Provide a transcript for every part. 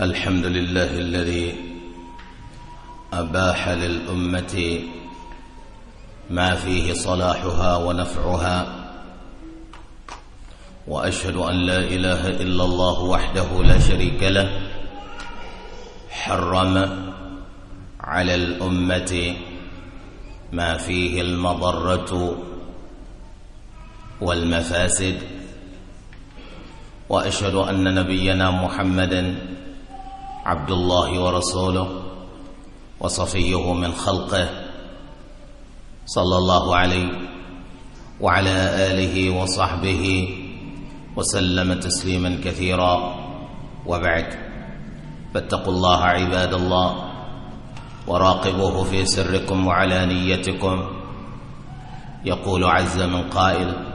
الحمد لله الذي أباح للأمة ما فيه صلاحها ونفعها وأشهد أن لا إله إلا الله وحده لا شريك له حرم على الأمة ما فيه المضرة والمفاسد وأشهد أن نبينا محمدًا عبد الله ورسوله وصفيه من خلقه صلى الله عليه وعلى آله وصحبه وسلم تسليما كثيرا وبعد فاتقوا الله عباد الله وراقبوه في سركم وعلانيتكم يقول عز من قائل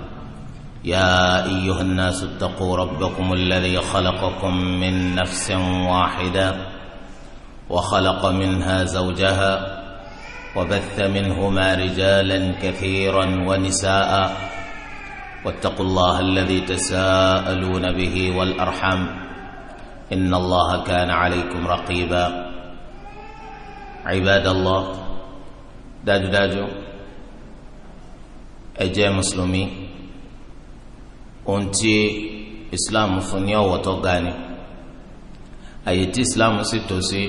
يا ايها الناس اتقوا ربكم الذي خلقكم من نفس واحده وخلق منها زوجها وبث منهما رجالا كثيرا ونساء واتقوا الله الذي تساءلون به والارحم ان الله كان عليكم رقيبا عباد الله داجو داجو اجي مسلمين ohun tí islam fún ní ọ̀wọ̀ tó ga ni àyè tí islam sì tó sí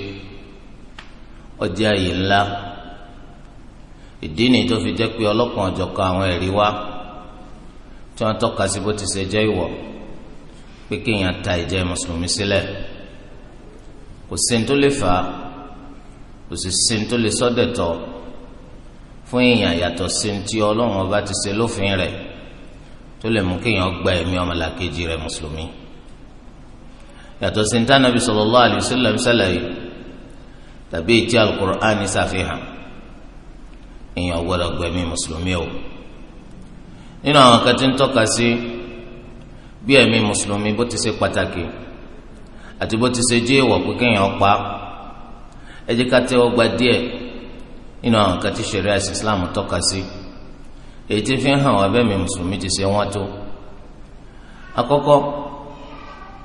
ó jẹ́ àyè ńlá ìdí ni tó fi jẹ́ pé ọlọ́kan ọ̀jọ̀kan àwọn ẹ̀rí wá tí wọ́n tọ́ka sí bó ti ṣe jẹ́ ìwọ̀ pé kéèyàn ta ìjẹ́ mùsùlùmí sílẹ̀ kò sí ní tó lè fà á kò sì sí ní tó lè sọ́dẹ̀ tọ̀ fún èèyàn yàtọ̀ sí ní tí ọlọ́run ọba ti ṣe lófin rẹ̀ tó lè mú kéèyàn gba ẹ̀mí ọmọlàkejì rẹ̀ mùsùlùmí yàtọ̀ sí níta nàbí sallallahu alaihi tàbí ìtí alukur'ani ṣàfihàn èèyàn gbọ́dọ̀ gbẹ̀mí mùsùlùmí o nínú àwọn kan ń tọ́ka sí bí ẹ̀mí mùsùlùmí bó ti ṣe pàtàkì àti bó ti ṣe ìwọ̀ pé kéèyàn pa Islam tọ́ka èyí ti fi ń hàn wọn mi mùsùlùmí ti ṣe wọ́n tó àkọ́kọ́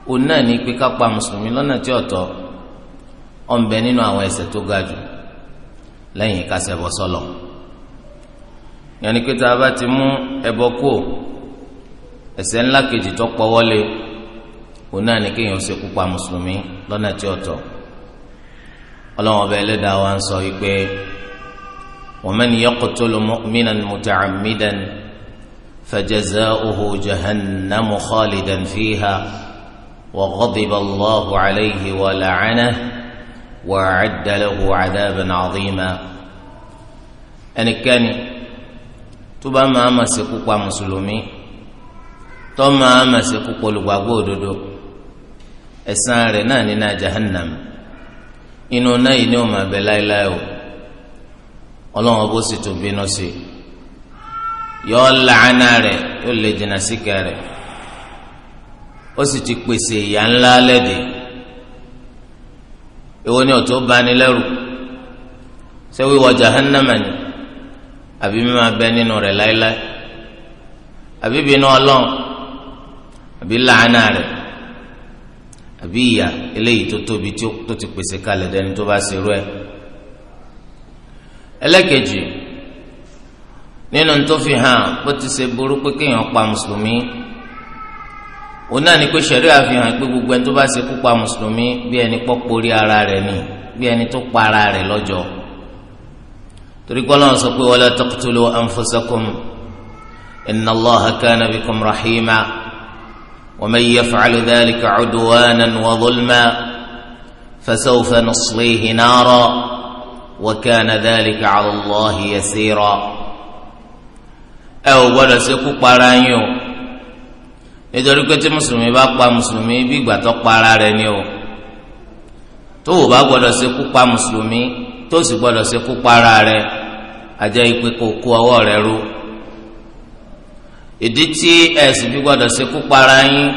òun náà ní pé ká pa mùsùlùmí lọ́nà tí ọ̀tọ̀ ọ̀nbẹ nínú àwọn ẹ̀ṣẹ̀ tó ga jù lẹ́yìn ká ṣẹbọ sọ́lọ̀ yẹnni ti mú kú ńlá kejì tó pọ́wọ́lé òun náà ní kéèyàn pa mùsùlùmí lọ́nà tí wa ń sọ ومن يقتل مؤمنا متعمدا فجزاؤه جهنم خالدا فيها وغضب الله عليه ولعنه واعد له عذابا عظيما ان كان تبا ما مسكوا مسلمين تما مسكوا الغوغود اسان رنا جهنم انو ناي نوما بلايلاو ọlọ́run ọbọ̀ sì tún bínú sí yọ làánà o yóò lè jìnnà ke rẹ ó sì ti pèsè ya ńlá lẹ́dẹ̀ẹ́ èwo ni ọ̀tún bani lẹ́rù ṣé wíwọ jahannama ni àbí mi máa nínú láéláé àbí bínú ọlọ́run àbí làánà rẹ àbí ìyà eléyìí tó tóbi tó ti pèsè kalẹ̀ dẹni tó bá ṣerú ẹlẹ́kejì nínú tó fi hàn bó ti ṣe burú pé kéèyàn pa mùsùlùmí òun náà ni pé sẹ̀rí àfihàn pé gbogbo ẹni tó bá ṣe kú pa mùsùlùmí bí ẹni pọ́ porí ara rẹ̀ ni bí ẹni tó pa ara rẹ̀ lọ́jọ́ torí kọ́lá sọ pé wala taqtulu anfusakum inna Allaha kana bikum rahima wa man yaf'alu dhalika udwanan wa dhulman fasawfa nuslihi nara. وكان ذلك على الله يسيرا ẹ ò gbọ́dọ̀ ṣekú para yín o nítorí pé tí mùsùlùmí bá pa mùsùlùmí bí ìgbà tó para rẹ̀ ni o tó o bá gbọ́dọ̀ ṣekú pa mùsùlùmí tó o sì gbọ́dọ̀ ṣekú para rẹ̀ àjẹ ìpè kò kú ọwọ́ rẹ̀ ru ìdí tí ẹ sì fi gbọ́dọ̀ ṣekú para yín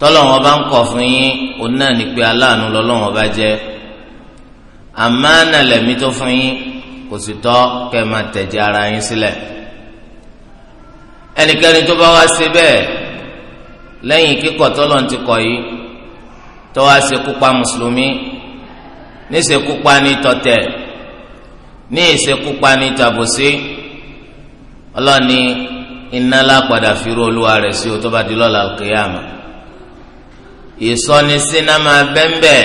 tọlọ́run bá ń kọ̀ fún yín òun náà ní pé aláàánú lọ́lọ́run bá jẹ́ àmánà lẹ̀mí tó fún yín kò sì tọ́ kẹ́ máa tẹ̀jẹ̀ ara yín sílẹ̀ ẹnikẹ́ni tó bá wá ṣe bẹ́ẹ̀ lẹ́yìn kíkọ̀ tọ́lọ̀ ti kọ̀ yìí tó wá ṣe kópa mùsùlùmí ní ṣe kópa ní tọ̀tẹ̀ ní ìṣe kópa ní tàbùsí ọlọ́ni iná lápadà fìrú olúwa rẹ̀ sí o tó bá di lọ́la al-qiyama ìsọnisí náà máa bẹ́ńbẹ́ẹ́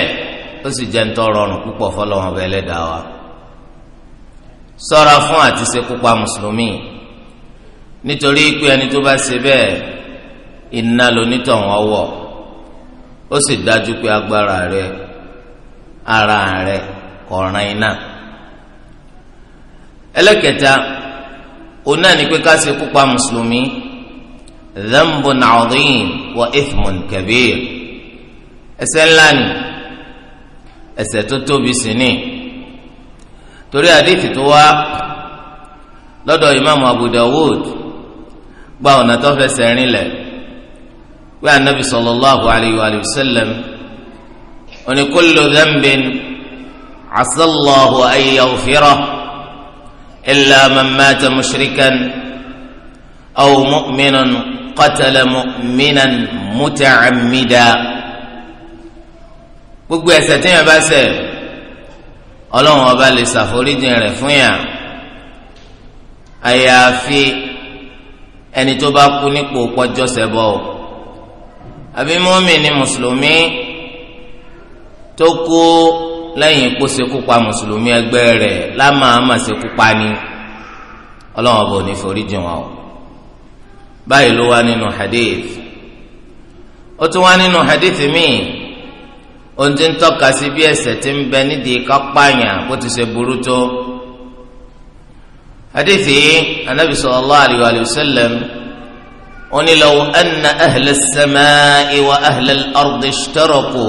o sì jẹ́ ntọ́rọrùn púpọ̀ fọlọ́wọn ọba ẹlẹ́dàá wa sọ́ra fún àti ṣekúpa mùsùlùmí nítorí pé ẹni tó bá ṣe bẹ́ẹ̀ iná lonítọ̀hún ọwọ́ ó sì dájú pé agbára rẹ ara rẹ kọ̀ọ̀ràn iná ẹlẹ́kẹta òun náà ni pé ká ṣekúpa mùsùlùmí dhanbun adhim wa ẹ̀ṣẹ̀ tó tóbi sí ni torí àdìsí tó wá lọ́dọ̀ ìmáàmù Abu Dawud gba ọ̀nà tó fẹsẹ̀ rinlẹ̀ wí anabi sallallahu alayhi wa sallam oní kullu dhanbin asallahu ayé òfìrọ ilà man mata mushrikan aw mu'minan qatala mu'minan muta'ammida. gbogbo ẹ̀ṣẹ̀ tí yẹn bá ṣẹ̀ Ọlọ́run ọba lè ṣàforíjìn rẹ̀ fún yàn àyàfi ẹni tó bá kú nípò pọjọsẹ bọ ọ àbí mọ́mì ni mùsùlùmí tó kú lẹ́yìn kó ṣekú pa mùsùlùmí ẹgbẹ́ rẹ̀ lámàámà ni Ọlọ́run ọba ò ní foríjìn wọn o báyìí ló wá nínú hadith ó tún wá nínú hadith míì ohun tí ń tọ́ka sí bí ẹ̀ṣẹ̀ tí ń bẹ nídìí kápáyàn bó ti ṣe burú tó hadithi anabi sallallahu alayhi wa sallam oni law anna ahla as-samaa'i wa ahla al-ardi ishtaraku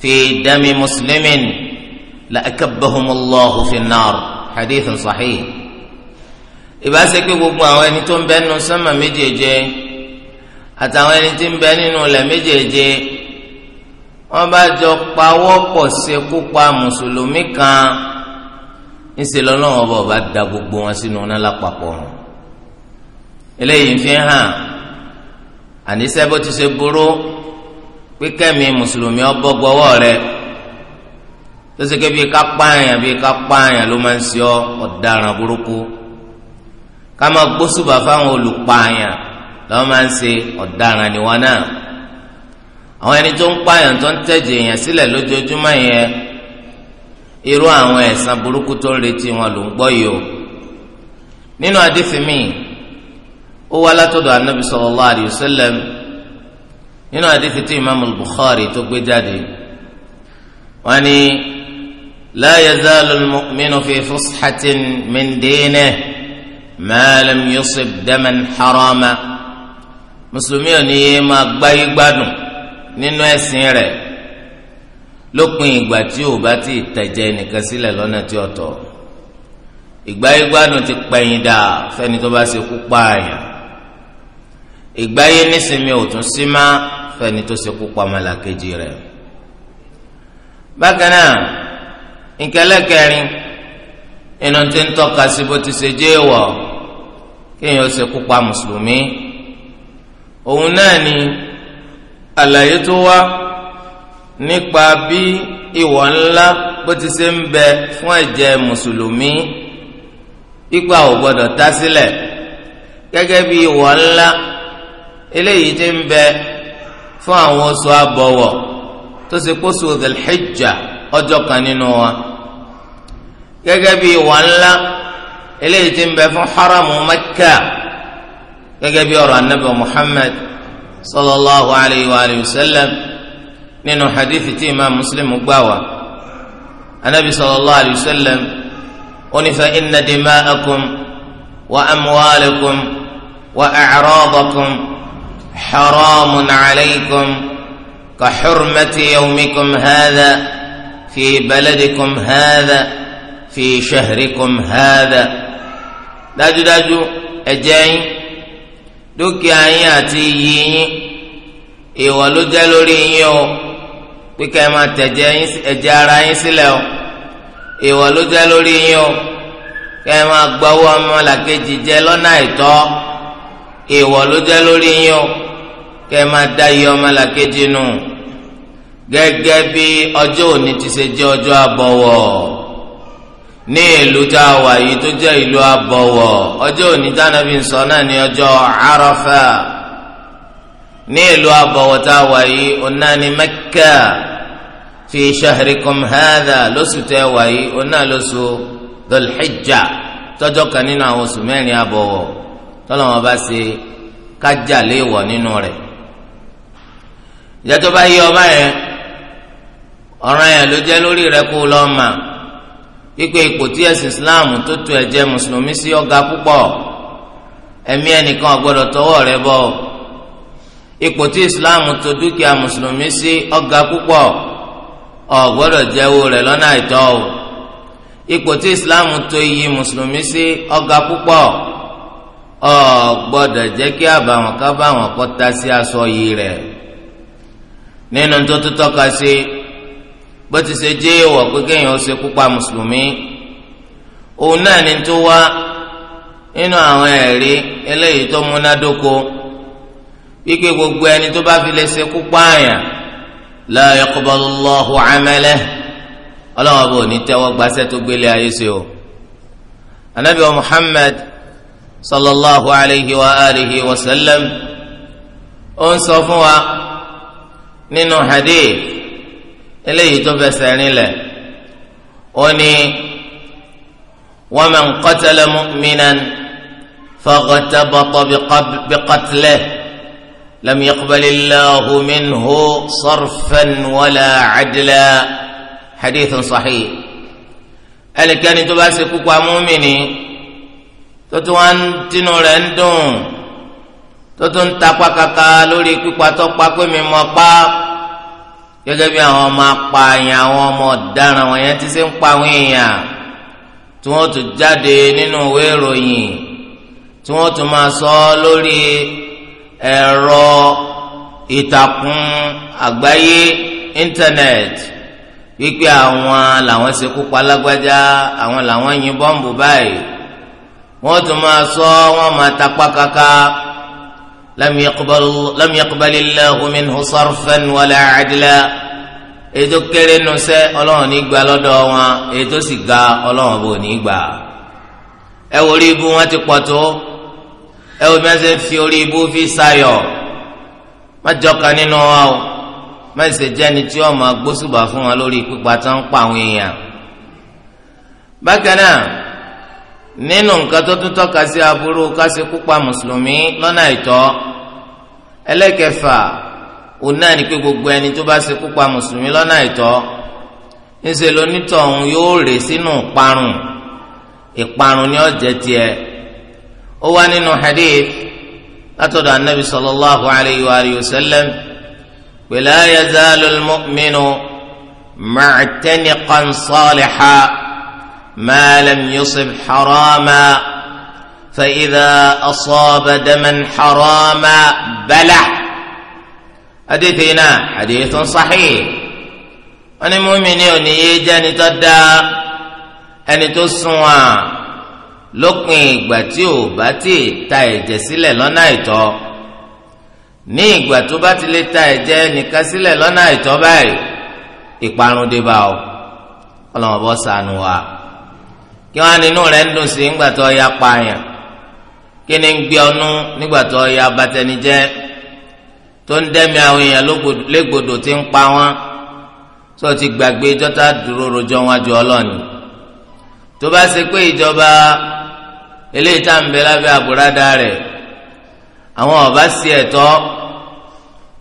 fi dami muslimin la akabbahum allahu fi an-nar hadith sahih ìbáṣe gbogbo àwọn ẹni tó ń bẹ nínú sánmà méjèèje àtàwọn ẹni tí ń bẹ nínú ilẹ̀ méjèèje wọ́n bá jọ pawọ́ pọ̀ ṣekú pa mùsùlùmí kan ńṣe lọ́lọ́run ọba ọba da gbogbo wọn sínú ọ̀nà lápapọ̀ ọ̀run eléyìí fi hàn àníṣe bó ti ṣe burú pínkẹ́mi mùsùlùmí ọbọ̀ gbọ́wọ́ rẹ tó ṣe ké bíi ká pààyàn bíi ká pààyàn ló máa ń ṣe ọ ọ̀daràn burúkú ká máa gbósùbà fáwọn olùpààyàn lọ́wọ́ máa ń ṣe ọ̀daràn níwọ̀n náà àwọn ẹni tó ń pààyàn tó ń tẹ̀jẹ̀ èèyàn sílẹ̀ lójoojúmọ́ yẹn irú àwọn ẹ̀san burúkú tó ń retí wọn ló ń gbọ́ yìí o nínú àdìsí mi ó wá látọ̀dọ̀ anabi sallallahu alayhi wa nínú àdìsí tí bukhari tó gbé jáde wọn ni la yazalu al fi fushatin min dinihi ma lam yusib daman harama ò ní yé máa gbáyé gbádùn nínú ẹ̀sìn rẹ̀ lópin ìgbà tí ò bá ti tẹ̀jẹ̀ nìkan sílẹ̀ lọ́nà tí ó tọ́ ìgbà ìgbádùn ti pẹ̀yìn dà fẹ́ni tó bá ṣe kú pààyàn ìgbà yé nísìnyí ò tún sí má fẹ́ni tó ṣe kú pàmàlàkejì rẹ̀ bákan náà nkẹlẹ́kẹrin inú ti ń tọ́ka sí bó ti ṣe jẹ́ ìwọ̀ kéèyàn ó ṣe kú pa mùsùlùmí òun náà ni àlàyé tó wá nípa bí ìwọ̀ ńlá bó ti ṣe ń bẹ fún ẹ̀jẹ̀ mùsùlùmí ipa ò gbọdọ̀ tá sílẹ̀ gẹ́gẹ́ bí ìwọ̀ ńlá eléyìí ti ń bẹ fún àwọn oṣù abọ̀wọ̀ tó ṣe kó oṣù dhul ọjọ́ kan nínú wa gẹ́gẹ́ bí ìwọ̀ ńlá eléyìí ti ń bẹ fún haramu Mẹ́kà gẹ́gẹ́ bí ọ̀rọ̀ Ànábì Muhammad. صلى الله عليه وآله وسلم من حديث إمام مسلم مقباوة النبي صلى الله عليه وسلم قل إن دماءكم وأموالكم وأعراضكم حرام عليكم كحرمة يومكم هذا في بلدكم هذا في شهركم هذا داجو داجو أجاين dúkìá yín àti iyì yín ìwọ ló jẹ́ lórí yín o pé ká ẹ máa tẹ̀jẹ̀ ẹ̀jẹ̀ ara yín sílẹ̀ o ìwọ ló jẹ́ lórí yín o ká máa gbọ́wọ́ ọmọlàkejì jẹ lọ́nà àìtọ́ ìwọ ló jẹ́ lórí yín o ká máa dá iye ọmọlàkejì nù gẹ́gẹ́ bí ọjọ́ òní ti ṣe jẹ́ ọjọ́ àbọ̀wọ̀ ní ìlú tá a wà yìí tó jẹ́ ìlú abọ̀wọ̀ ọjọ́ òní tánàbí sọ náà ní ọjọ́ Àrafà ní ìlú abọ̀wọ̀ tá a wà yìí ọ̀nà ní Mẹ́kà fi shahrikum hadha lóṣù tẹ́ wà yìí ọ̀nà lóṣù Dhul-Hijja tọ́jọ́ kan nínú àwọn oṣù mẹ́rin abọ̀wọ̀ tọ́lọ́wọ́n bá ṣe kájà léèwọ̀ nínú rẹ̀ ìjẹ́ tó bá yí ọba yẹn ọ̀ràn yẹn ló jẹ́ lórí rẹ̀ kó lọ́ọ́ máa kíkọ ipò tí ẹ̀sìn islam tó tu ẹ̀jẹ̀ mùsùlùmí sí ọ̀gá púpọ̀ ẹ̀mí ẹnìkan ọ̀gbọ́dọ̀ tọwọ́ rẹ̀ bọ̀ ipò tí islam tó dúkìá mùsùlùmí sí ọ̀gá púpọ̀ ọ̀gbọ́dọ̀ jẹ́wọ́ rẹ̀ lọ́nà àìtọ́ o ipò tí islam tó iyì mùsùlùmí sí ọ̀gá púpọ̀ ọ̀gbọ́dọ̀ jẹ́ kí àbàwọ̀n ká báwọn kọ́ta sí aṣọ yìí rẹ̀ nínú tó tó tọ́ka sí. Si, bó ti ṣe jẹ́ èèwọ̀ pé kéèyàn ó ṣe kúpa mùsùlùmí òun náà ni tó wá nínú àwọn ẹ̀rí eléyìí tó múnádóko wípé gbogbo ẹni tó bá fi lè ṣe kúpa àyàn la yaqbalu Allahu ọlọ́wọ́n bò ní tẹ́wọ́ gbaṣẹ́ tó gbélé ayé ṣe o anabi wa Muhammad sallallahu alayhi wa alihi wa sallam ó ń sọ fún wa nínú hadith eléyìí tó fẹsẹ̀ rinlẹ̀ ó ní waman qatala mu'minan faghatabata biqatlihi lam yaqbalillahu minhu sarfan wala adla hadithun sahih ẹnikẹ́ni tó bá ṣe kúkú amúmìnì tó tún wá ń tinú rẹ̀ ń dùn tó ń tapá kaka lórí pípa tó pa mi mọ́ pa gẹ́gẹ́ bí àwọn ọmọ apààyàn àwọn ọmọ ọ̀daràn wọn yẹn ti ṣe ń pa àwọn èèyàn tí wọ́n tún jáde nínú ìwé ìròyìn tí wọ́n tún máa sọ lórí ẹ̀rọ ìtàkùn àgbáyé íńtánẹ́ẹ̀tì wípé àwọn làwọn ṣekú pa lágbájá àwọn làwọn yìn bọ́ǹbù báyìí wọ́n tún máa sọ wọ́n máa tapá kaka. لم يقبل لم يقبل الله منه صرفا ولا عدلا ètò kéré nu sẹ Ọlọ́run ní gbà lọ́dọ̀ wọn ètò sì ga Ọlọ́run bò ní gbà ẹ wò orí ibú wọn ti pọ̀ tó ẹ wò mẹsẹ fi orí ibú fi sayọ má jọkan nínú wa o má ṣe jẹni tí wọn máa gbósùbà fún wọn lórí pípa tó ń pa àwọn èèyàn bákan náà. nínú nǹkan tó tún tọ́ka sí aburú kásìkú pa mùsùlùmí lọ́nà àìtọ́ ẹlẹ́kẹfà òun náà ní pé gbogbo ẹni tó bá ṣekú pa mùsùlùmí lọ́nà àìtọ́ ńṣe lónítọ̀ ọ̀hún yóò rè sínú ìparun ni tiẹ̀ ó wá nínú hadith látọ̀dọ̀ anabi sallallahu alayhi wa alihi wa sallam pẹ̀lú la yazalu ha ما لم يصب حراما فإذا أصاب دما حراما بلع حديثنا حديث صحيح أنا مؤمن أني جاني تدا أني تسوى lópin ìgbà tí ò bá ti ta ẹ̀jẹ̀ sílẹ̀ lọ́nà àìtọ́ ní ìgbà tó bá ti lè ta ẹ̀jẹ̀ nìkan sílẹ̀ lọ́nà àìtọ́ báyìí ìparun dé bá ọ ọlọ́mọbọ wa kí wọn nínú rẹ ń dùn sí ńgbà tó ya pààyàn kí ni ń gbé ọnú nígbà tó ya abatẹnijẹ tó ń dẹ́mi àwọn èèyàn légbodò tí ń pa wọn tó ti gbàgbé jọta dúró rojọ́ wọn ju ọlọ́ọ̀ni tó bá ṣe pé ìjọba eléyìí tá à ń bẹ lábẹ́ àbúradà rẹ̀ àwọn ọba sí ẹ̀tọ́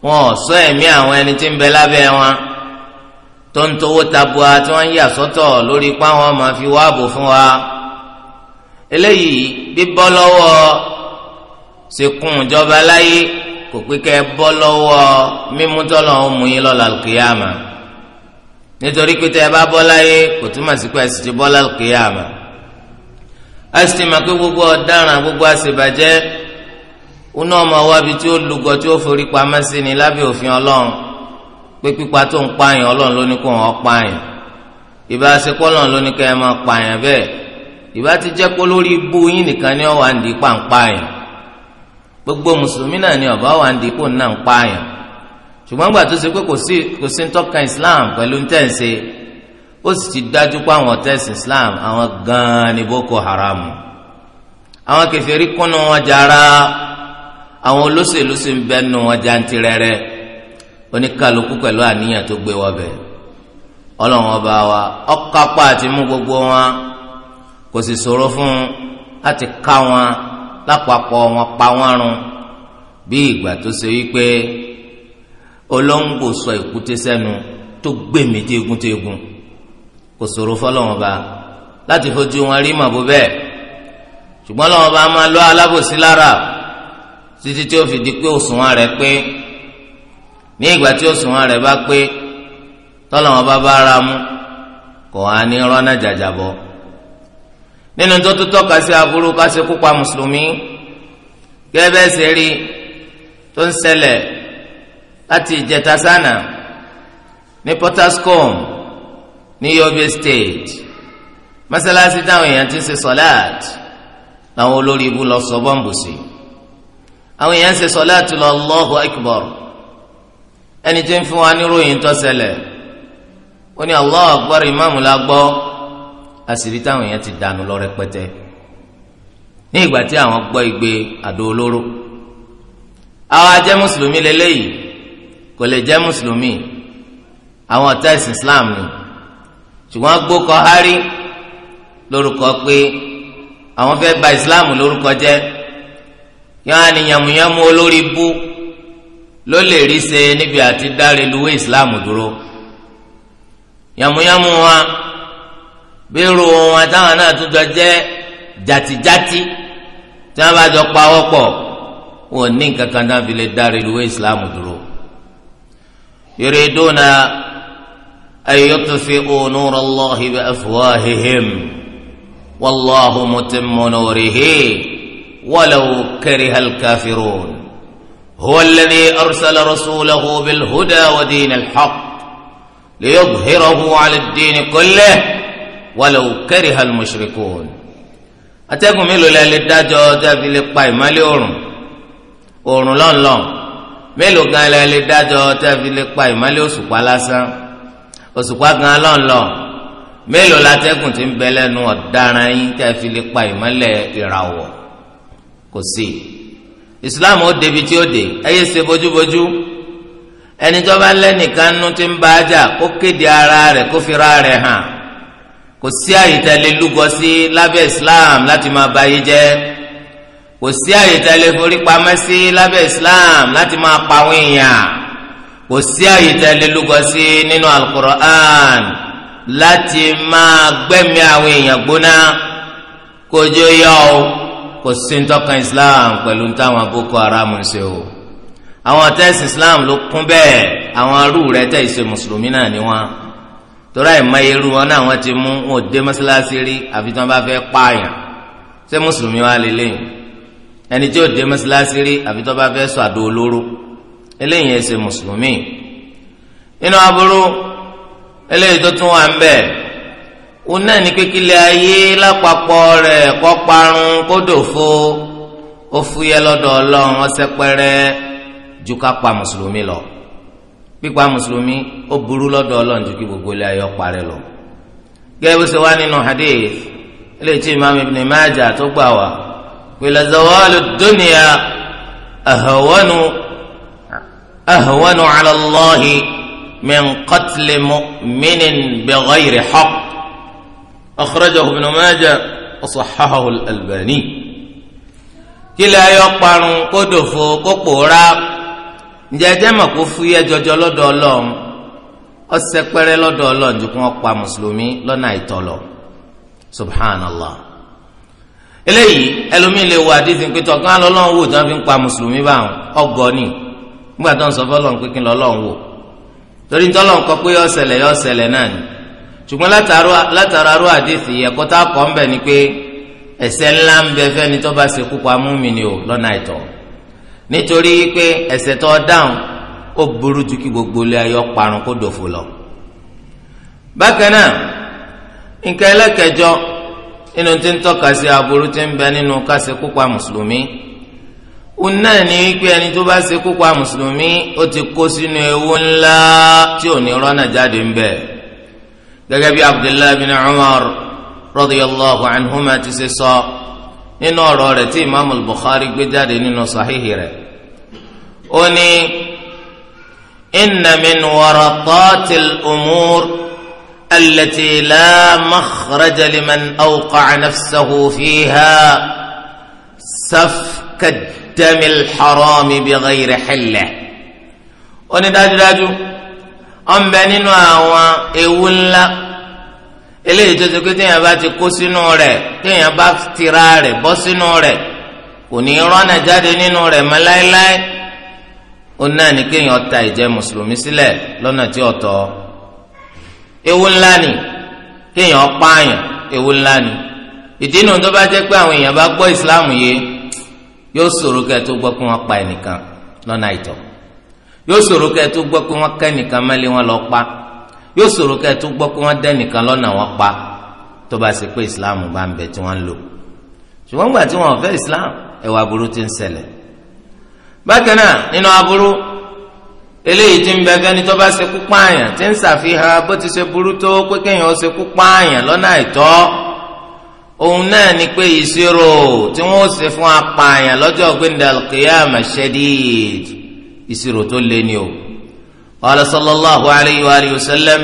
wọn ò sọ ẹ̀mí àwọn ẹni tí ń bẹ lábẹ́ wọn tó tabua tí wọ́n ń yà sọ́tọ̀ lórí ipá wọn máa fi wáàbò fún wa eléyìí bíbọ́ lọ́wọ́ sekun ìjọba láyé kò pé kẹ́ ẹ bọ́ lọ́wọ́ mímú tọ́lọ̀ ń mú yín lọ́la kìyàmà nítorí pé tẹ́ ẹ bá bọ́ láyé kò túmọ̀ sí pé ẹ sì ti bọ́ lọ́la kìyàmà sì ti mọ̀ pé gbogbo ọ̀daràn gbogbo àṣebàjẹ́ ó náà mọ̀ wá tí ó lùgọ́ tí ó forí pamọ́ sí ni lábẹ́ òfin ọlọ́run pé pípa tó ń pààyàn ọlọ́run ló ní kó wọn pààyàn ìbá ṣe kọ́lọ́run ló ní kẹ́ ẹ máa pààyàn bẹ́ẹ̀ ìbá ti jẹ́ pé lórí ibú yín nìkan ni ọ̀wà ń di pàǹpààyàn gbogbo mùsùlùmí náà ni ọ̀bá wà ń di kó náà ń pààyàn ṣùgbọ́n gbà tó ṣe pé kò sí kò sí tọ́ka Islam pẹ̀lú ń tẹ̀sí ó sì ti dájú pé àwọn tẹ̀sí Islam àwọn gan-an ni Boko Haram àwọn kèfèrí kúnnú wọn jara àwọn olóṣèlú sì ń bẹ́nu wọn jantirẹrẹ oníkàlùkù pẹ̀lú àníyàn tó gbé wọbẹ̀ ọlọ́run ọba wa ọkápá àti mú gbogbo wọn kò sì ṣòro fún láti ká wọn lápapọ̀ wọn pa wọn run bí ìgbà tó ṣe wípé olóńgbò sọ èkúté sẹ́nu tó gbé mi tégun tégun kò ṣòro fọlọ́run ọba láti fojú wọn rí màbó bẹ́ẹ̀ ṣùgbọ́n lọ́wọ́ bá máa lọ alábòsí lára títí tí ó fi di pé òṣùwọ̀n rẹ̀ pé ní ìgbà tí òṣùwọ̀n rẹ̀ bá pé tọ́lọ́wọ́n bá bá ra mú kò á ní rọ́nà jàjàbọ́ nínú tó tó tọ́ka sí aburú ká ṣe kópa mùsùlùmí gẹ́gẹ́ ṣe rí tó ń ṣẹlẹ̀ láti ìjẹta sánà ní Port ní Yobe State mọ́sálásí táwọn èèyàn ti ń ṣe sọ́láàt làwọn olórí ibú lọ sọ bọ́ǹbù sí àwọn èèyàn ṣe sọ́láàt lọ Allahu Akbar ẹni tí ń fún wa níròyìn tó ṣẹlẹ̀ ó ní allah akbar imaamu la gbọ́ àṣírí táwọn èèyàn ti dànù lọ rẹpẹtẹ ní ìgbà tí àwọn gbọ́ igbe àdó olóró àwọn ajẹ́ mùsùlùmí lélẹ́yìí kò lè jẹ́ mùsùlùmí àwọn ọ̀tá ẹ̀sìn islam ni ṣùgbọ́n gbókọ̀ hárí lórúkọ pé àwọn fẹ́ bà islam lórúkọ jẹ́ yọ́n á ní yàmùyàmù olórí bú ló lè rí ṣe níbi àti dá reluwé ìsìláàmù dúró yàmúyàmú wa bírò wọn táwọn náà tún jọ jẹ jàtìjàtì tí wọn bá jọ pawọ́ pọ̀ wọn ní nǹkan kan náà fi lè dá reluwé ìsìláàmù dúró yuriduna an yutfi'u nura Allahi bi afwahihim wallahu mutimmu nurihi walau karihal kafirun. هو الذي أرسل رسوله بالهدى ودين الحق ليظهره على الدين كله ولو كره المشركون atẹ́gùn mélòó lẹ lè dájọ́ tẹ́fi lè pa ìmọ́lẹ̀ oòrùn oòrùn lọ́nlọ́n mélòó gan lẹ lè dájọ́ tẹ́fi lè pa ìmọ́lẹ̀ òṣùpá lásán òṣùpá gan lọ́nlọ́n mélòó látẹ́gùn ti ń bẹ lẹ́nu ọ̀daràn yín tẹ́fi lè pa ìmọ́lẹ̀ ìràwọ̀ kò sí i islam ó débi tí ó dé ẹ yé ṣe bójúbójú ẹni tó bá lẹ́nìkan nú ti ń bá a jà kó kéde ara rẹ̀ kó fira rẹ̀ hàn kò sí àyètẹ́lẹ̀ lúgọ lábẹ́ islam láti máa ba ayé jẹ́ kò sí àyètẹ́lẹ̀ forí lábẹ́ islam láti máa pa àwọn èèyàn kò sí àyètẹ́lẹ̀ lúgọ sí nínú alukur'an láti máa gbẹ̀mí àwọn èèyàn gbóná kójú yọ o kò sí ntọ́kan islam pẹ̀lú táwọn boko haram ń ṣe o àwọn tẹ́sí islam ló kún bẹ́ẹ̀ àwọn arú rẹ tẹ́ ìṣe mùsùlùmí náà ni wọn torí àìmọ irú wọn náà wọn ti mú wọn ò dé mọ́sálásí rí àfi tí wọn bá fẹ́ pààyàn ṣé mùsùlùmí wa lè léyìn ẹni tí ò dé mọ́sálásí rí àfi tí wọn bá fẹ́ sọ àdó olóró eléyìí ẹ̀ ṣe mùsùlùmí inú aburú eléyìí tó tún wà ń bẹ́ẹ̀ òun náà ní kékeré ayé lápapọ̀ rẹ̀ kọ́ parun kó dòfo ó fúyẹ́ lọ́dọ̀ ọlọ́run ọsẹ pẹrẹ ju ká pa mùsùlùmí lọ pípa mùsùlùmí ó burú lọ́dọ̀ ọlọ́run ju kí gbogbo ilé ayé parẹ́ lọ. gẹ́gẹ́ bó ṣe wá nínú hadith ilé tí imaamu ibn Majah tó gbà wá pèlè zawalu dunya ahawanu ahawanu ala Allahi min qatli mu'minin bi ghayri أخرجه ابن ماجه وصححه الألباني. كلا albani kílẹ̀ ayọ́ parun كفية dòfo kó pòórá njẹ́jẹ́ mọ̀ kó fúyẹ́ jọjọ lọ́dọ̀ ọlọ́run ọsẹ pẹrẹ lọ́dọ̀ ọlọ́run ju kí wọ́n pa mùsùlùmí lọ́nà àìtọ́lọ̀ subhanallah eléyìí ẹlòmíín lè wo àdìsí pé tọkàn lọ́lọ́run wò tí wọ́n fi ń pa mùsùlùmí báwọn ọgọ́ ni nígbà tó ń sọ fọlọ́run pé kí lọ́lọ́run wò torí ń tọ́lọ́run kọ pé yọ ọ̀sẹ̀lẹ̀ yọ ọ̀sẹ̀lẹ̀ náà ni ṣùgbọ́n látara aró àdéhìí ẹ̀kọ́ tá a kọ́ ń bẹ̀ ni pé ẹ̀ṣẹ̀ ńlá ń bẹ fẹ́ni tó bá ṣekú pa mùmínì o lọ́nà àìtọ́ nítorí pé ẹ̀ṣẹ̀ tó dáhùn ó burú ju kí gbogbo ilé ayọ́ parun kó dòfò lọ. bákan náà nǹkan ẹlẹ́kẹjọ nínú tí ń tọ́ka sí aburú tí ń bẹ nínú ká ṣekú pa mùsùlùmí òun náà ní pé ẹni tó bá ṣekú pa mùsùlùmí ó ti kó sínú ewu ńlá tí ò ní rọ́nà jáde ń bẹ̀ẹ́ gẹ́gẹ́ bí abdullahi bin umar radiyallahu anhuma ti ṣe sọ nínú ọ̀rọ̀ rẹ̀ tí imaamu bukhari gbé jáde nínú sahihi rẹ̀ ó ní inna min waratatil umur التي لا مخرج لمن أوقع نفسه فيها سفك الدم الحرام بغير حله onídájúdájú ọ̀nbẹ nínú àwọn ewu ńlá eléyìí tó ti pé téèyàn bá ti kó sínú rẹ̀ téèyàn bá tira rẹ̀ bọ́ sínú rẹ̀ kò ní rọ́nà jáde nínú rẹ̀ mọ́ láéláé ó náà ní kéèyàn ta ìjẹ́ mùsùlùmí sílẹ̀ lọ́nà tí ọ̀tọ̀ ewu ńlá ni kéèyàn pààyàn ewu ńlá ni ìdí nu tó bá jẹ́ pé àwọn èèyàn bá gbọ́ ìsìláàmù yìí yóò ṣòro kẹ́ tó gbọ́ pé wọ́n pa ẹnìkan lọ́nà àìtọ́. yóò ṣòro kẹ́ ẹ tó gbọ́ pé wọ́n ká ẹnìkan mẹ́lẹ́ wọn lọ pa yóò ṣòro kẹ́ ẹ tó gbọ́ pé wọ́n dá nìkan lọ́nà wọn pa tó bá ṣe pé islam bá ń bẹ tí wọ́n ń lò ṣùgbọ́n gbà tí wọ́n fẹ́ islam ẹ̀wà aburú ti ń ṣẹlẹ̀ bákan náà nínú aburú eléyìí ti ń bẹ ni tó bá se ṣekú pààyàn ti ń ṣàfihàn bó ti ṣe burú tó pé kéèyàn ó ṣekú pààyàn lọ́nà àìtọ́ òun náà ni pé ìṣirò tí wọ́n ó ṣe fún apààyàn lọ́jọ́ gbẹ̀ndàlùkìyà mashadid ìṣirò tó lé ní o qala sallallahu alayhi wa alihi wa sallam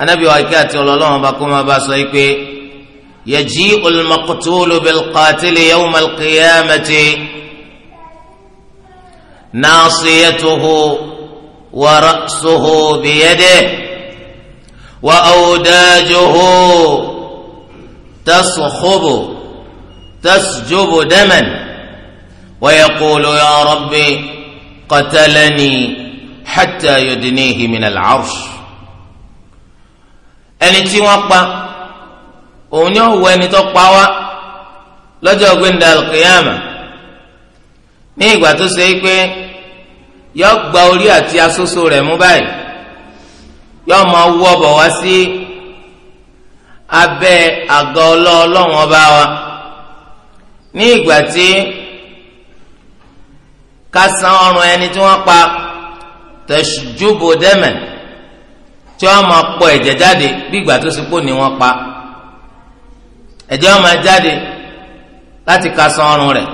anabi wa ike àti ọlọ́lọ́wọ́n bá kó máa bá sọ pé yaji'ul maqtulu bil qatili yawmal qiyamati nasiyatuhu wa ra'suhu biyadihi wa awdajuhu taskhub tasjubu daman ويقول يا rabbi. qatalani حتى يدنيه من العرش. arsh ẹni tí wọ́n pa òun yóò wọ ẹni tó pa wá lọ́jọ́ gbẹ̀ndà al-qiyama ní ìgbà tó ṣe pé yóò gba orí àti asoso rẹ̀ mú báyìí yóò máa wú ọbọ̀ wá sí abẹ́ àgọ́ ọlọ́ọ̀lọ́wọ́n bá wa ní ìgbà tí ká san ọrùn tí wọ́n pa tẹ̀sùjúbò dẹ́mẹ̀ tí wọ́n máa pọ ẹ̀jẹ̀ jáde bí ìgbà tó ṣe pò ní wọ́n pa ẹ̀jẹ̀ wọn máa jáde láti ká san ọrùn rẹ̀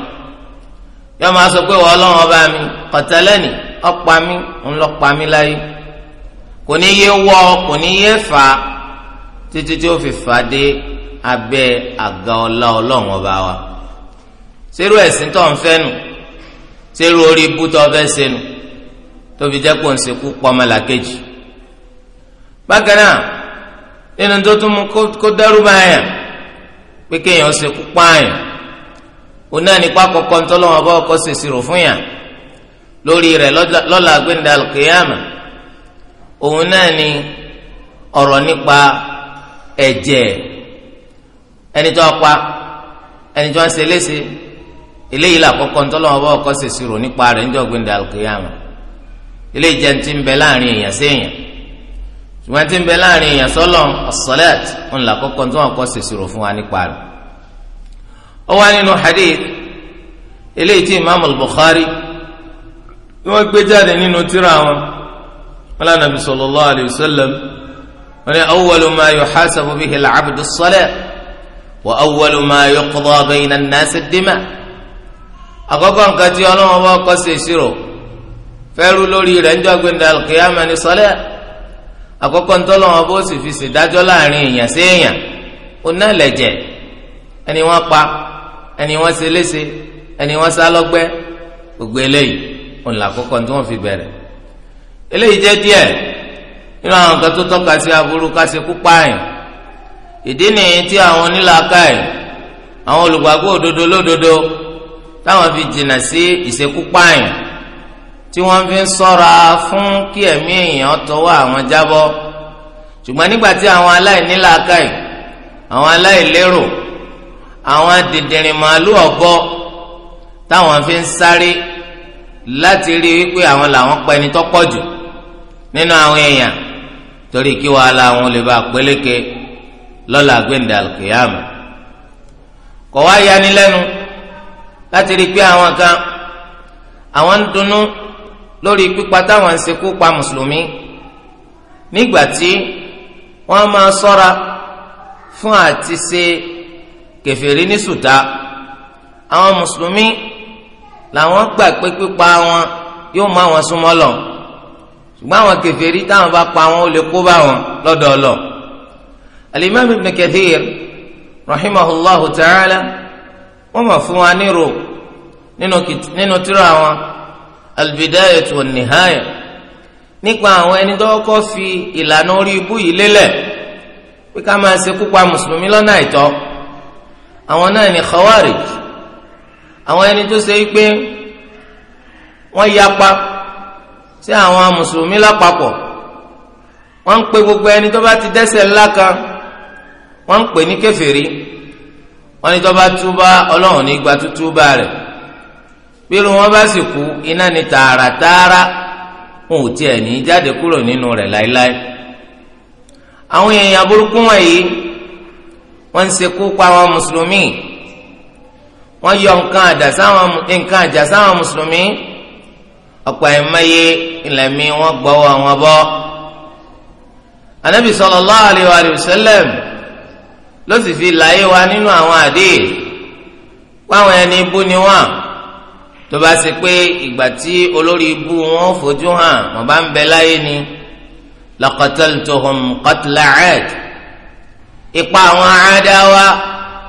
yọ máa sọ pé wọ́n ọlọ́run ọba mi ọ̀tẹ́lẹ́nì ọ̀pá mi ńlọ́pàá mi láyé kò ní yé wọ́ kò ní yé fà á títí tí ó fi fà dé abẹ́ àga ọlá ọlọ́run ọba wa ṣerú ẹ̀sìn tó ń fẹ́ nù sẹ́rù orí ibú tó fẹ́ sẹ́nu tóbi jẹ́ kó ń sekú pọ́nmọ́ làkejì. bákan náà nínú tó tún mú kó dẹ́rù báyà pé kéèyàn sekú pààyàn òun náà nípa kọ̀ọ̀kan tó lọ́wọ́ bá ọkọ̀ ṣèṣirò fún yàn lórí rẹ̀ lọ́la gbẹ̀ndà alùkìyàmà òun náà ni ọ̀rọ̀ nípa ẹ̀jẹ̀ ẹni tó pa ẹni eléyìí là kọ́kọ́ ntọ́lọ́wọ́ bá ọkọ́ ṣèṣì rò nípa rẹ̀ ńjọ́ gbẹ̀ndẹ̀ alùkìyàmù eléyìí jẹ́ ti ń bẹ láàrin èèyàn sí èèyàn ṣùgbọ́n ti ń bẹ láàrin èèyàn sọ́lọ́ ọ̀sọ́lẹ́t ń là kọ́kọ́ ntọ́wọ́ ọkọ́ ṣèṣì rò fún wa nípa rẹ̀. ó wá nínú hadith eléyìí tí imaamu Bukhari tí gbé jáde nínú tírà wọn wọn lànà bí sallallahu alayhi sallam wọn ni awwalu ma yuhasabu bihi al-abdu wa awwalu ma yuqda bayna an dima àkọ́kọ́ nǹkan tí ọlọ́wọ́n bá kọ́ sí ìṣirò fẹ́rú lórí rẹ̀ ń jọ́gbé ní alùkìyàmẹ́ ní sọ́lẹ̀ àkọ́kọ́ ń tọ́lọ́wọ́n bó sì fi ṣèdájọ́ láàrin èèyàn sí èèyàn oná lẹ̀jẹ̀ ẹni wọ́n pa ẹni wọ́n ṣe léṣe ẹni wọ́n sá lọ́gbẹ́ gbogbo eléyìí òun làkọ́kọ́ tí wọ́n fi bẹ̀rẹ̀ eléyìí jẹ́ díẹ̀ nínú àwọn nǹkan tó tọ́ka sí aburú ká ṣe kú pààyàn ìdí nìyí tí àwọn onílàákàyè àwọn olùgbàgbọ́ òdodo lódodo táwọn fi jìnnà sí ìṣekúpààyàn tí wọ́n fi ń ṣọ́ra fún kí ẹ̀mí èèyàn tọwọ́ àwọn jábọ́ ṣùgbọ́n nígbà tí àwọn aláìnílàákàyè àwọn aláìlérò àwọn dìndìnrín màálù ọ̀gọ́ táwọn fi ń sáré láti rí wípé àwọn làwọn pa ẹni tó pọ̀ jù nínú àwọn èèyàn torí kí wàhálà àwọn lè bá peléke lọ́la gbẹ̀ndàlùkìyàmù kọ̀ wá yanilẹ́nu láti rí i pé àwọn kan àwọn ń dunnú lórí pípa táwọn ń ṣekú pa mùsùlùmí nígbà tí wọ́n máa ṣọ́ra fún àti ṣe kèfèrí ní sùtá àwọn mùsùlùmí làwọn gbà pé pípa wọn yóò mú àwọn súnmọ́ lọ ṣùgbọ́n àwọn kèfèrí táwọn bá pa wọn ó lè kó bá wọn lọ́dọọlọ. alimami ibn kathir rahimahullahu ta'ala wọ́n mọ̀ fún wa nírò nínú tírà wọn albidayatu wan nihaya nípa àwọn ẹni tó kọ́ fi ìlànà orí ibú yìí lélẹ̀ pé ká máa ṣe kúpa mùsùlùmí lọ́nà àìtọ́ àwọn náà ní khawarij àwọn ẹni tó ṣe pé wọ́n yapa sí àwọn mùsùlùmí lápapọ̀ wọ́n ń pe gbogbo ẹni tó bá ti dẹ́ṣẹ̀ ńlá kan wọ́n ń pè ní kèfèrí wọ́n ní tó bá túbá ọlọ́run ní gba tútúbá rẹ̀ bírú wọn bá sì kú iná ni tààràtààrà wọn ò tiẹ̀ ní jáde kúrò nínú rẹ̀ láéláé àwọn èèyàn burúkú wọ̀nyí wọ́n ń ṣekú pa àwọn mùsùlùmí wọ́n yọ nǹkan àjà sáwọn mùsùlùmí ọ̀pọ̀ ẹ̀mẹ́yẹ ìlẹ̀mí wọn gbọ́wọ́ wọn bọ́ anabi sallallahu alayhi wa sallam ló sì fi láyé wa nínú àwọn àdéhì wáwọn ẹni bú ni wọn tó bá ṣe pé ìgbà tí olórí ibú wọn fojú hàn wọn bá ń bẹ láyé ni laqataltuhum qatla 'ad ipa àwọn àádáwa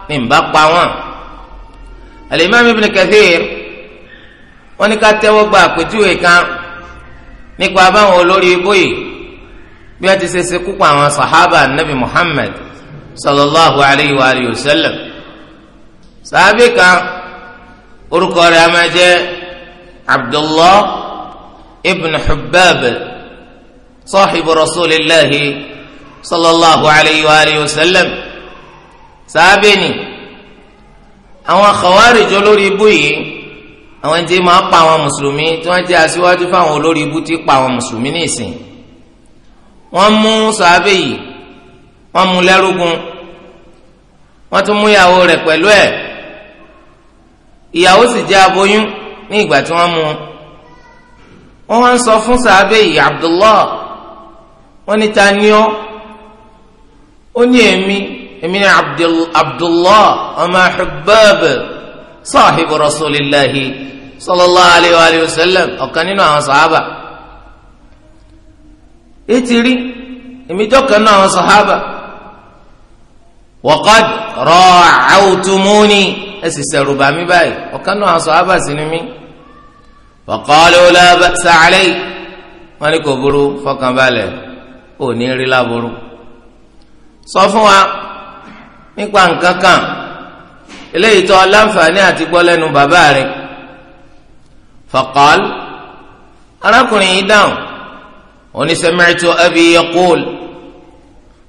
ni bá pa wọn. Al-Imam Kathir wọ́n ní ká tẹ́wọ́ gba àpèjúwe kan nípa báwọn olórí ibú yìí bí wọ́n ti ṣe ṣekú pa àwọn sàhábà nabi Muhammad sallallahu alayhi wa alihi wa sallam sàbí kan orúkọ rẹ̀ a máa jẹ́ abdullah ibn hubab sọ́ọ̀hìbù rasulillahi sallallahu alayhi wa alihi wa sallam sàbí ni àwọn khawarij olórí ibú yìí àwọn tí máa pa àwọn mùsùlùmí tí wọ́n jẹ́ aṣíwájú fáwọn olórí ibú tí pa àwọn mùsùlùmí nísìn wọ́n mú sàbí yìí wọ́n mú lẹ́rúgun wọ́n tún mú ìyàwó rẹ̀ pẹ̀lú ẹ̀ ìyàwó sì jẹ́ aboyún ní ìgbà tí wọ́n mú wọn wá ń sọ fún sàábé yìí Abdullah wọ́n ní ta ni ọ́ ó ní èmi èmi ní Abdullah ọmọ Hubbab sahib rasulillahi sallallahu alayhi wa sallam ọ̀kan nínú àwọn sàábà ètí èmi jọ́kan nínú àwọn sàábà wọ́kọ́d rọ àwùtúmúni ẹ sì sẹ̀rù bà mí báyìí ọ̀kan náà sọ abàsí ni mí wọ́kọ́lẹ́ wọlé sàálẹ̀ wọn ni kò burú fọkànbalẹ̀ ò ní rí láburú sọ fún wa nípa nǹkan kan eléyìí tó aláǹfààní àti gbọ́ lẹ́nu bàbá rẹ̀ fọkọ́l arákùnrin yìí dáhùn onísẹ́mẹ́rẹ́tò ẹbí yẹ kóòlù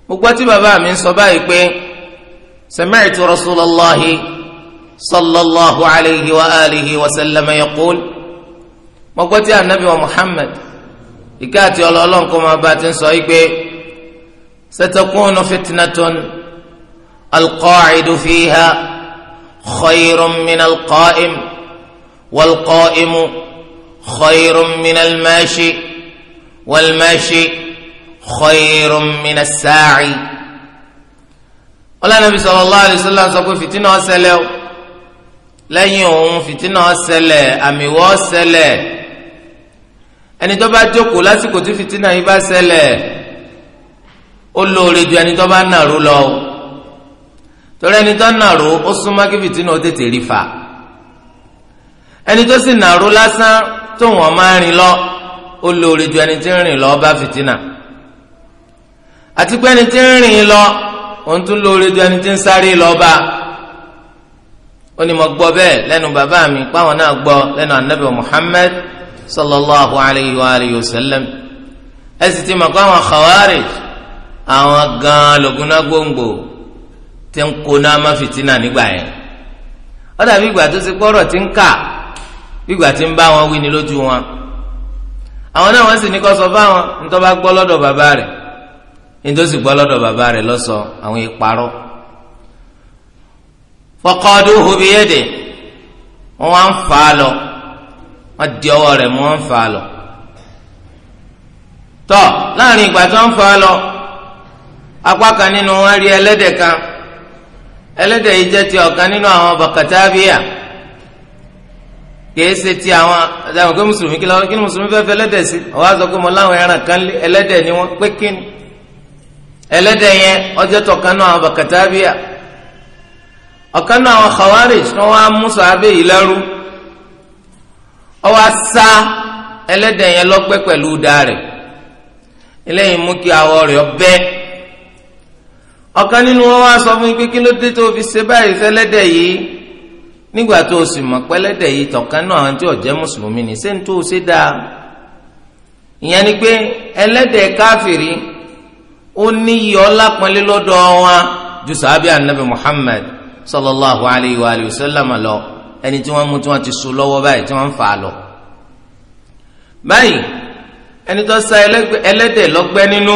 gbogbo tí bàbá mi ń sọ báyìí pé. سمعت رسول الله صلى الله عليه وآله وسلم يقول مقوتي النبي ومحمد إكاتي الله أبات صعيب ستكون فتنة القاعد فيها خير من القائم والقائم خير من الماشي والماشي خير من الساعي ọlọ́nàbí sallallahu alaihi wasallam sọ pé fìtínà ó ṣẹlẹ̀ o lẹ́yìn òun fìtínà ó ṣẹlẹ̀ àmìwọ́ ó ṣẹlẹ̀ ẹni tó bá jókòó lásìkò tí fìtínà yìí bá ṣẹlẹ̀ ó lóore ju ẹni tó bá nàró lọ o torí ẹni tó nàró ó súnmọ́ kí fìtínà ó tètè rí fà ẹni tó sì nàró lásán tó wọ́n máa rìn lọ ó lóore ju ẹni tí ń rìn lọ bá fìtínà àti pé ẹni tí ń rìn lọ. òun tún lóore ju ẹni tí ń sáré lọ́ba ó ní mo gbọ́ bẹ́ẹ̀ lẹ́nu bàbá mi páwọn náà gbọ́ lẹ́nu anabi sallallahu alayhi wa alayhi wa sallam ẹ sì ti mọ̀ àwọn àwọn gan-an gbòǹgbò tí ń kóná má fìtínà nígbà yẹn ó dàbí ti tí ń kà ìgbà tí ń bá wọn wí ni lójú wọn àwọn nítòsí gbọ́ lọ́dọ̀ bàbá rẹ̀ lọ́sọ àwọn ìparọ́ faqaduhu biyadi wọ́n wá ń fà á lọ wọ́n di ọwọ́ rẹ̀ mọ́ ń fà á lọ tọ́ láàrin ìgbà tó ń fà á lọ apá kan nínú wọn rí ẹlẹ́dẹ̀ kan ẹlẹ́dẹ̀ yìí jẹ́ ti ọ̀kan nínú àwọn bàkàtàbíyà kìí ṣe ti àwọn àtàwọn mùsùlùmí kí ni mùsùlùmí fẹ́ fẹ́ ẹlẹ́dẹ̀ sí ọ̀wá sọ pé láwọn ẹran kan ẹlẹ́dẹ̀ ni wọ́n pé kí ẹlẹ́dẹ̀ yẹn ọjọ́ tọ̀kan náà àwọn bàkàtàbíà ọ̀kan náà àwọn khawarij tí wọ́n á mú sàábé yìí lẹ́rú ọwọ́ sá ẹlẹ́dẹ̀ yẹn lọ́gbẹ́ pẹ̀lú da rẹ̀ eléyìí mú kí awọ rẹ̀ ọbẹ̀ ọ̀kan nínú wọn wá sọ fún yín pé kí ló dé tó fi ṣe báyìí yìí nígbà tó o sì yìí àwọn tí mùsùlùmí ni ṣé ń tó o ṣe dáa ìyẹn ni pé ẹlẹ́dẹ̀ káfìrí ó ní iyọ̀ ọlápọ̀nlé lọ́dọ̀ wọn ju sàábì anabi muhammad sallallahu alayhi wa alihi wa sallam lọ ẹni tí wọ́n mú tí wọ́n ti so lọ́wọ́ báyìí tí wọ́n ń fà á lọ. báyìí ẹni tó sa ẹlẹ́dẹ̀ lọ́gbẹ́ nínú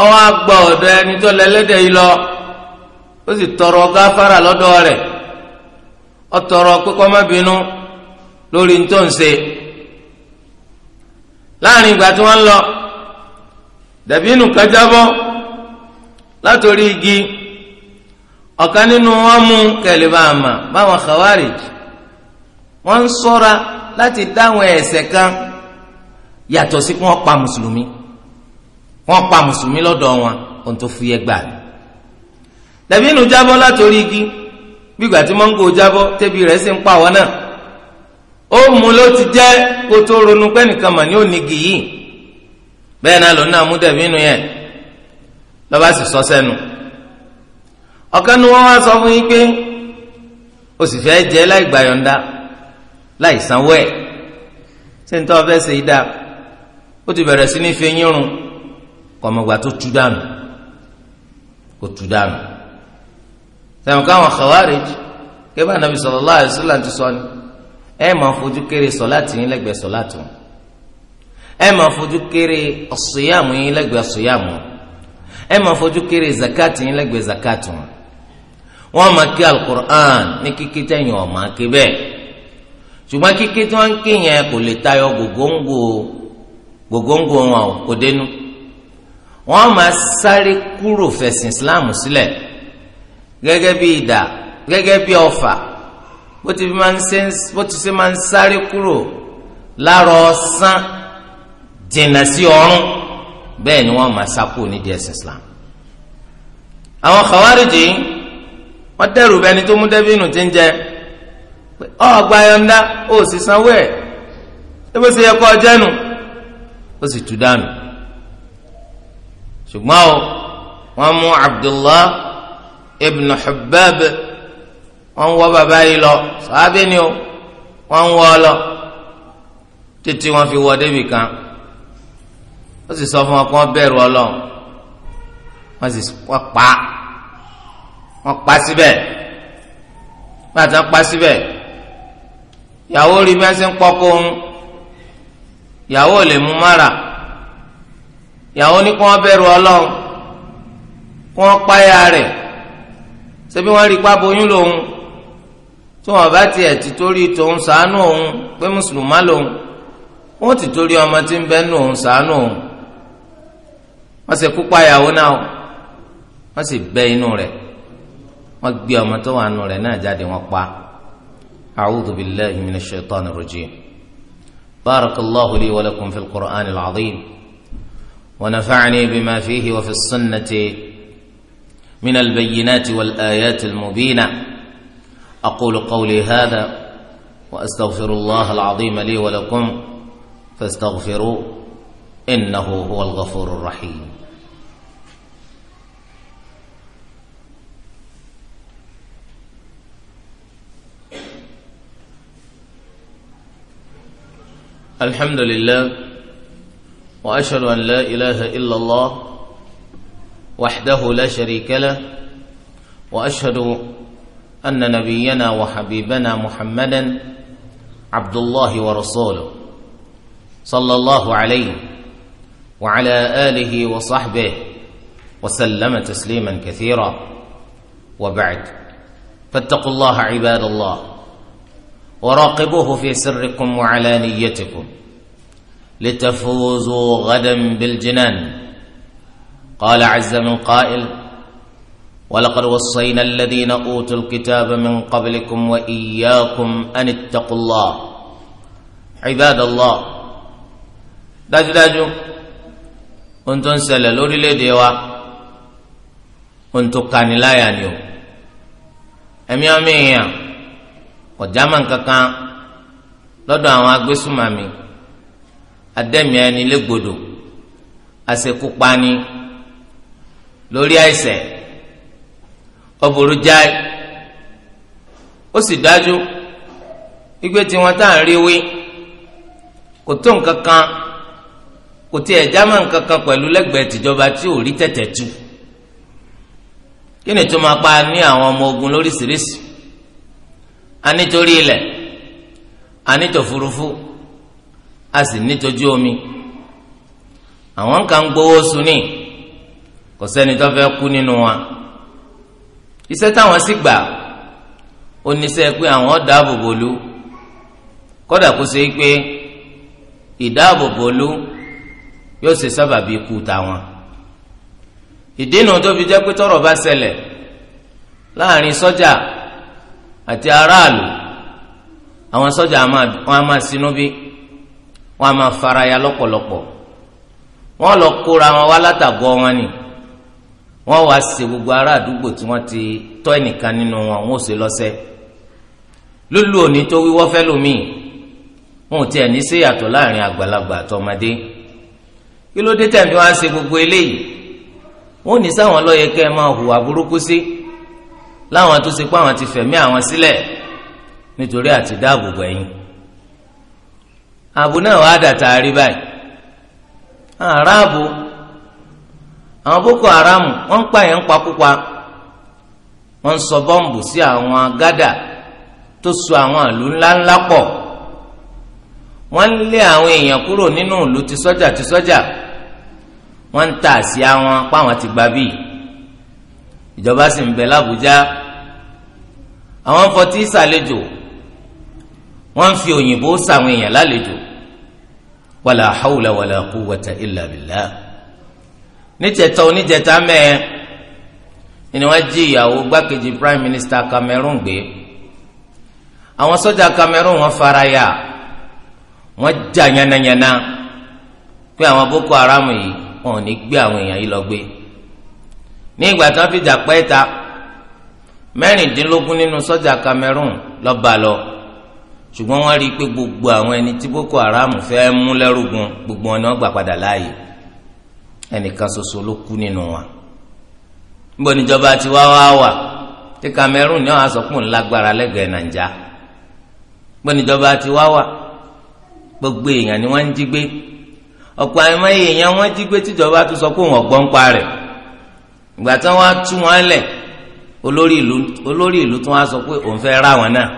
ọwọ́ àgbà ọ̀dọ̀ ẹni tó lẹ́lẹ́dẹ̀ yìí lọ ó sì tọrọ gáfárà lọ́dọ̀ rẹ̀ ó tọrọ pípọ́ má bínú lórí ntọ́nse láàrin ìgbà tí wọ́n ń lọ dàbínù kan jábọ́ látòrí igi ọ̀kan nínú wọn mú kẹlẹ́bà àmà báwọn khawarij wọ́n ń sọ́ra láti dáwọn ẹ̀ṣẹ̀ kan yàtọ̀ sí kí wọ́n pa mùsùlùmí wọ́n pa mùsùlùmí lọ́dọ̀ wọn ohun tó fi yẹ gbà ní. dàbínù jábọ́ látòrí igi gbígbà tí mọ́ngò jábọ́ tẹ́bi rẹ̀ sì ń pa wọn náà ó mú ló ti jẹ́ kó tó ronú pẹ́nìkan mà ní òní yìí bẹ́ẹ̀ náà lòun náà mú dẹ̀bí inú yẹn lọ́ba sì sọ sẹ́nu ọ̀kan ni wọ́n wá sọ fún yín pé o sì fẹ́ jẹ́ láì gbàyọ̀ǹda láì sanwó ẹ̀ ṣé n tọ́ fẹ́ ṣe yí dáa ó ti bẹ̀rẹ̀ sí ní fi eyín rún kọ̀mọ̀gbà tó tú dànù kò tú dànù sẹ́wọ̀n káwọn Khawarij kébà nàbì sallallahu alaihi wasallam ti sọ ni ẹ̀ máa fojú kéré sọ láti yín lẹ́gbẹ̀ẹ́ sọ láti wọn ẹ máa fojú kéré ọ̀sùyàmù yín lẹ́gbẹ̀ẹ́ ọ̀sùyàmù ẹ máa fojú kéré zakati yín lẹ́gbẹ̀ẹ́ zakati wọn. ma kí alukur'an ní kíkí tẹ̀yìn ọ̀ma ké bẹ́ẹ̀ ṣùgbọ́n kíkí tí wọ́n kí yẹn kò lè tayọ gògóńgò wọn kò dénú. islam sílẹ̀ gẹ́gẹ́ bí idà gẹ́gẹ́ bí bó ti máa ń sáré kúrò láàárọ̀ jìnnà sí ọrùn bẹ́ẹ̀ ni wọ́n máa sáko ní díẹ̀ sí islam. àwọn khawariji wọ́n dẹ́rù bẹni tó mú dẹ́bìnù tí ń jẹ pé ọ̀gbà yọ̀ǹda ó sì sanwó ẹ̀ ebi sì yẹ kó ọjẹ́ nu ó sì tú dànù. ṣùgbọ́n o wọ́n mú abdullah ibn Hubbab wọ́n wọ́ bàbá yìí lọ sàábẹ́ni o wọ́n wọ́ ọ lọ títí wọ́n fi wọ́ débì kan wọ́n sì sọ fún wọn kó wọ́n bẹ̀rù ọlọ́run wọ́n sì wọ́n pa wọ́n pa síbẹ̀ bàtà pa síbẹ̀ ìyàwó rí bí wọ́n ṣe ń pọ́kó ń ìyàwó lè mú mára ìyàwó ní kó wọ́n bẹ̀rù ọlọ́run kó wọ́n páyà rẹ̀ ṣebí wọ́n rí páboyún lòun tí wọ́n bá tiẹ̀ ti torí tòun ṣàánú òun pé mùsùlùmá lòun wọ́n ti torí ọmọ tí ń bẹ́nu òun ṣàánú òun. wọ́n sì kú payàwó náà wọ́n sì bẹ́ inú rẹ̀ wọ́n gbé ọmọ tó wà nù rẹ̀ náà jáde wọ́n pa a'udhu billahi minash shaitanir rajim barakallahu li wa lakum fil qur'anil azim wa nafa'ani bima fihi wa fi sunnati min albayyinati wal ayati almubina aqulu qawli hadha wa astaghfirullaha alazim li wa lakum fastaghfiruhu. إنه هو الغفور الرحيم الحمد لله وأشهد أن لا إله إلا الله وحده لا شريك له وأشهد أن نبينا وحبيبنا محمدا عبد الله ورسوله صلى الله عليه وعلى آله وصحبه وسلم تسليما كثيرا وبعد فاتقوا الله عباد الله وراقبوه في سركم وعلانيتكم لتفوزوا غدا بالجنان قال عز من قائل ولقد وصينا الذين اوتوا الكتاب من قبلكم واياكم ان اتقوا الله عباد الله dájúdájú ohun انتم سللوا ń ṣẹlẹ̀ lórílẹ̀‐èdè كان لا يعني kaniláyà ọ̀jàmà kankan lọ́dọ̀ àwọn agbésùmàmì adẹ́mi ẹni légbodò àṣekúpani lórí àìṣẹ̀ ọ̀bùrú jáì ó sì dájú igbe tí wọn tá à ń rí wí kò tó nǹkan kan kò tiẹ̀ jámà nǹkan kan pẹ̀lú lẹ́gbẹ̀ẹ́ tìjọba tí ò rí tẹ̀tẹ̀ tu kí ni tó máa pa ní àwọn ọmọ ogun lóríṣiríṣi a nítorí ilẹ̀ a nítòfurufú a sì nítojú omi àwọn kan gbowó suni kò sẹ́ni tó fẹ́ kú nínú wa iṣẹ́ táwọn sì gbà ó níṣẹ́ pé àwọn dáàbòbò lu kódà kó ṣe pé ìdáàbòbò lu yóò ṣe sábàbí ikú tàwọn ìdínà tó fi jẹ́ pé tọ́rọ̀ bá ṣẹlẹ̀ láàrin sọ́jà àti aráàlú àwọn sọ́jà wọn a máa sinú bí wọn a máa faraya lọ́pọ̀lọpọ̀ wọn lọ kóra wọn wá látàgọ wọn ni wọn wá ṣe gbogbo ará àdúgbò tí wọn ti tọ́ ẹnìkan nínú wọn wọn ò ṣe lọ́sẹ̀ lólu òní tó wíwọ́ fẹ́ lómi wọn ò tiẹ̀ ní ṣe yàtọ̀ láàrin àgbàlagbà àtọmọdé kí ló dé tẹ̀mí wọn á ṣe gbogbo eléyìí wọn ò ní sáwọn lọ́yẹ kẹ́ ẹ máa hùwà burúkú sí. Si láwọn tó ṣe pé àwọn ti fẹ̀mí àwọn sílẹ̀ nítorí àti dáàbòbò ẹ̀yìn ààbò náà wàá dàtà àrí báyìí àrààbò àwọn boko haram wọ́n ń pààyàn ń pakúpa wọ́n ń sọ bọ́ǹbù sí àwọn gádà tó so àwọn ìlú ńláńlá pọ̀ wọ́n lé àwọn èèyàn kúrò nínú ìlú ti sọ́jà ti sọ́jà wọ́n ń tà sí àwọn ti gba bíi ìjọba sì ń bẹ lábújá àwọn fọtí ìsàlejò wọ́n ń fi òyìnbó sàwọn èèyàn lálejò wàlà hàwùlà wàlà quwwata illa billah nítẹ̀tọ̀ oníjẹta mẹ́ẹ̀ ni wọ́n jí ìyàwó gbákejì prime minister Cameroon gbé àwọn sọ́jà Cameroon wọ́n fara ya wọ́n jà yánnayànna pé àwọn Boko Haram yìí wọn ò ní gbé àwọn èèyàn yìí lọ gbé. ní ìgbà tí wọ́n fi jà pẹ́ ta mẹ́rìndínlógún nínú sọ́jà Cameroon lọ́ba lọ ṣùgbọ́n wọ́n rí pé gbogbo àwọn ẹni tí Boko Haram fẹ́ mú lẹ́rùgùn gbogbo wọn ni wọ́n gbà padà láàyè ẹnìkan ṣoṣo nínú wa níbo níjọba ti wá tí Cameroon ní ńlágbára nàìjà níbo níjọba ti wá gbogbo èèyàn ni wọ́n ń jí gbé ọ̀pọ̀ àìmọye èèyàn wọ́n jí gbé ìgbà tí wọ́n á tú wọn lẹ̀ olórí ìlú olórí ìlú tí wọ́n á sọ pé òun fẹ́ rà wọn náà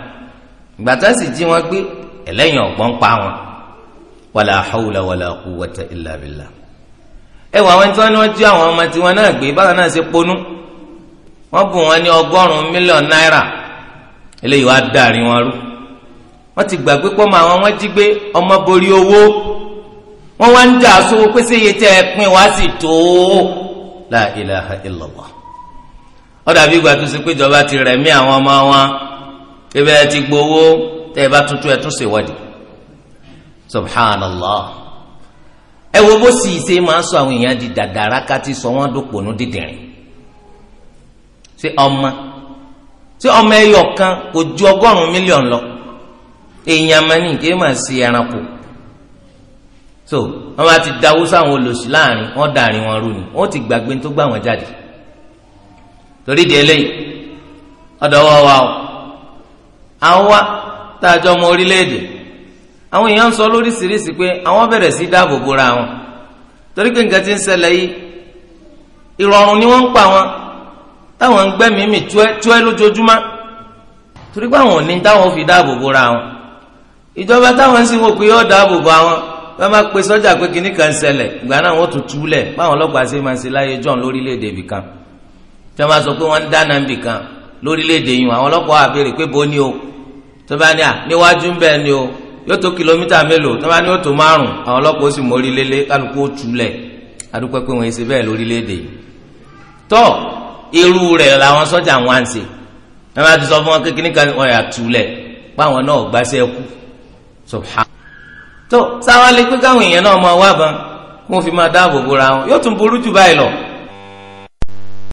ìgbà tí wọ́n sì jí wọn gbé ẹlẹ́yìn ọ̀gbọ́n pa wọn wàlà àhàwùlà wàlà quwwata illa billah ẹ wọ àwọn tí wọ́n ní wọ́n jí àwọn ọmọ tí náà gbé báwọn náà ṣe ponú wọ́n bù wọn ní ọgọ́rùn-ún náírà eléyìí wàá dàrí wọn rú wọ́n ti gbàgbé pọ́mọ àwọn wọ́n jí gbé ọmọ borí owó wọ́n wá ń dà sówó pé séye tẹ́ ẹ pín wá sì tó o. la ilaha illallah ọ dàbí ìgbà tó ṣe pé ìjọba ti rẹ̀mí àwọn ọmọ wọn ẹ ti gbowó tẹ́ ẹ bá tuntun ẹ tún ṣèwádìí subhanallah ẹ wo bó sì ṣe máa sọ àwọn èèyàn di dàdàrà ká ti sọ wọn dídìrín ṣé ọmọ ṣé ọmọ ẹyọ kan kò ju ọgọ́rùn-ún mílíọ̀nù lọ èèyàn mẹ́ni máa so wọn bá ti dawó sáwọn olòṣì láàrin wọn dàrin wọn rú ni wọn ti gbàgbé tó gbà wọn jáde torí di eléyìí ọ̀dọ̀ wa wa o àwọn wa tá a jọ ọmọ orílẹ̀-èdè àwọn èèyàn ń sọ lóríṣiríṣi pé àwọn bẹ̀rẹ̀ sí dáàbò bora wọn torí pé nǹkan ti ń ṣẹlẹ̀ yìí ìrọ̀rùn ni wọ́n ń pa wọn táwọn ń gbẹ́mìí mì túẹ́ lójoojúmọ́ torí pé àwọn ò ní táwọn fi dáàbò bora wọn ìjọba táwọn ń sìn wò pé yóò dáàbò bo àwọn wọ́n máa pe sọ́jà pé kinní kan ṣẹlẹ̀ ìgbà náà wọ́n tún túlẹ̀ báwọn ọlọ́pàá ṣe máa ṣe láyé john lórílẹ̀‐èdè ibì kan tí wọ́n máa sọ pé wọ́n ń dáná ibì kan lórílẹ̀‐èdè yìí àwọn ọlọ́pàá wà béèrè pé bó ni o tó bá ní à níwájú ń bẹ̀ ni o yóò tó kìlómítà mélòó tó bá ní yóò tó márùn àwọn ọlọ́pàá ó sì mórí lélé kálukú ó túlẹ̀ adúpẹ́ pé wọ́n ṣe bẹ́ẹ̀ lórílẹ̀‐èdè yìí tó sáwọn lè pé káwọn èèyàn náà máa wá ban wọn fi máa dáàbò bora wọn yóò tún burú jù báyìí lọ